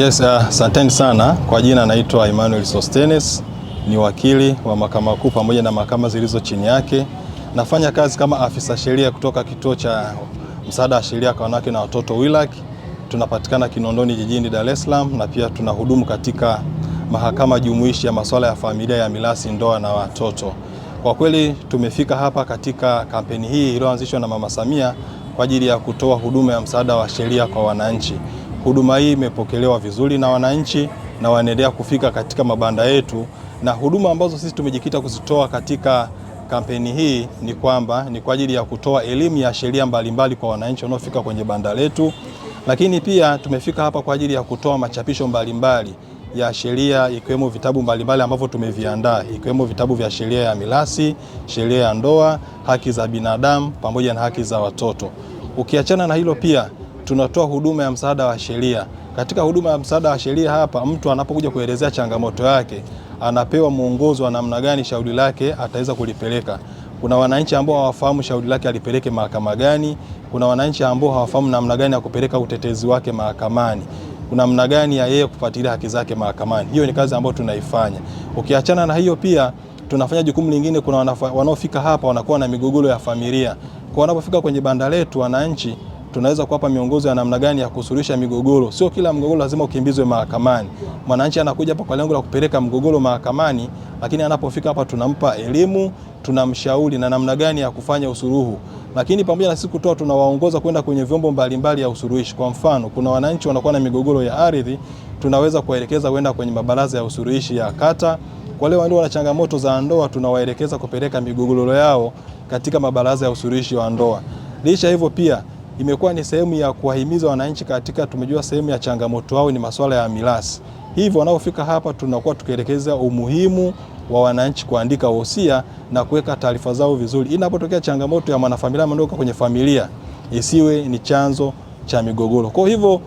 Yes, uh, asanteni uh, sana. Kwa jina naitwa Emmanuel Sostenes, ni wakili wa mahakama kuu pamoja na mahakama zilizo chini yake. Nafanya kazi kama afisa sheria kutoka kituo cha msaada wa sheria kwa wanawake na watoto WILAC. Tunapatikana Kinondoni jijini Dar es Salaam na pia tunahudumu katika mahakama jumuishi ya masuala ya familia ya milasi, ndoa na watoto. Kwa kweli tumefika hapa katika kampeni hii iliyoanzishwa na Mama Samia kwa ajili ya kutoa huduma ya msaada wa sheria kwa wananchi. Huduma hii imepokelewa vizuri na wananchi na wanaendelea kufika katika mabanda yetu, na huduma ambazo sisi tumejikita kuzitoa katika kampeni hii ni kwamba ni kwa ajili ya kutoa elimu ya sheria mbalimbali kwa wananchi wanaofika kwenye banda letu, lakini pia tumefika hapa kwa ajili ya kutoa machapisho mbalimbali mbali ya sheria ikiwemo vitabu mbalimbali ambavyo tumeviandaa ikiwemo vitabu vya sheria ya mirathi, sheria ya ndoa, haki za binadamu pamoja na haki za watoto. Ukiachana na hilo pia tunatoa huduma ya msaada wa sheria. Katika huduma ya msaada wa sheria hapa, mtu anapokuja kuelezea changamoto yake anapewa mwongozo wa namna gani shauri lake ataweza kulipeleka. Kuna wananchi ambao hawafahamu shauri lake alipeleke mahakama gani. Kuna wananchi ambao hawafahamu namna gani ya kupeleka utetezi wake mahakamani, kuna namna gani ya yeye kufuatilia haki zake mahakamani. Hiyo ni kazi ambayo tunaifanya. Ukiachana na hiyo, pia tunafanya jukumu lingine. Kuna wanaofika hapa wanakuwa na migogoro ya familia, kwa wanapofika kwenye banda letu wananchi tunaweza kuwapa miongozo ya namna gani ya kusuluhisha migogoro. Sio kila mgogoro lazima ukimbizwe mahakamani. Mwananchi anakuja hapa kwa lengo la kupeleka mgogoro mahakamani, lakini anapofika hapa tunampa elimu, tunamshauri na namna gani ya kufanya usuluhu. Lakini pamoja na sisi kutoa, tunawaongoza kwenda kwenye vyombo mbalimbali ya usuluhishi. Kwa mfano, kuna wananchi wanakuwa na migogoro ya ardhi, tunaweza kuwaelekeza kwenda kwenye mabaraza ya usuluhishi ya kata. Kwa wale walio changamoto za ndoa, tunawaelekeza kupeleka migogoro yao katika mabaraza ya usuluhishi wa ndoa. Licha hivyo pia imekuwa ni sehemu ya kuwahimiza wananchi katika, tumejua sehemu ya changamoto wao ni masuala ya mirathi, hivyo wanapofika hapa tunakuwa tukielekeza umuhimu wa wananchi kuandika wosia na kuweka taarifa zao vizuri. Inapotokea changamoto ya mwanafamilia ameondoka kwenye familia, isiwe ni chanzo cha migogoro. Kwa hivyo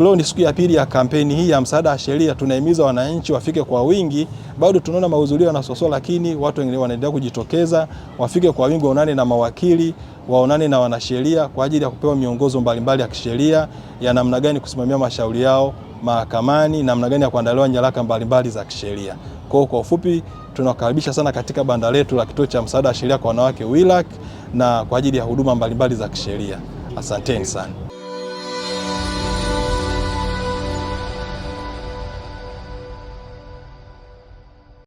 Leo ni siku ya pili ya kampeni hii ya msaada wa sheria, tunahimiza wananchi wafike kwa wingi. Bado tunaona mahudhurio yanasosoa, lakini watu wengine wanaendelea kujitokeza. Wafike kwa wingi, waonane na mawakili, waonane na wanasheria kwa ajili ya kupewa miongozo mbalimbali ya kisheria ya namna gani kusimamia mashauri yao mahakamani, namna gani ya kuandaliwa nyaraka mbalimbali za kisheria. Kwa kwa ufupi, tunakaribisha sana katika banda letu la kituo cha msaada wa sheria kwa wanawake WILAC, na kwa ajili ya huduma mbalimbali za kisheria. Asanteni sana.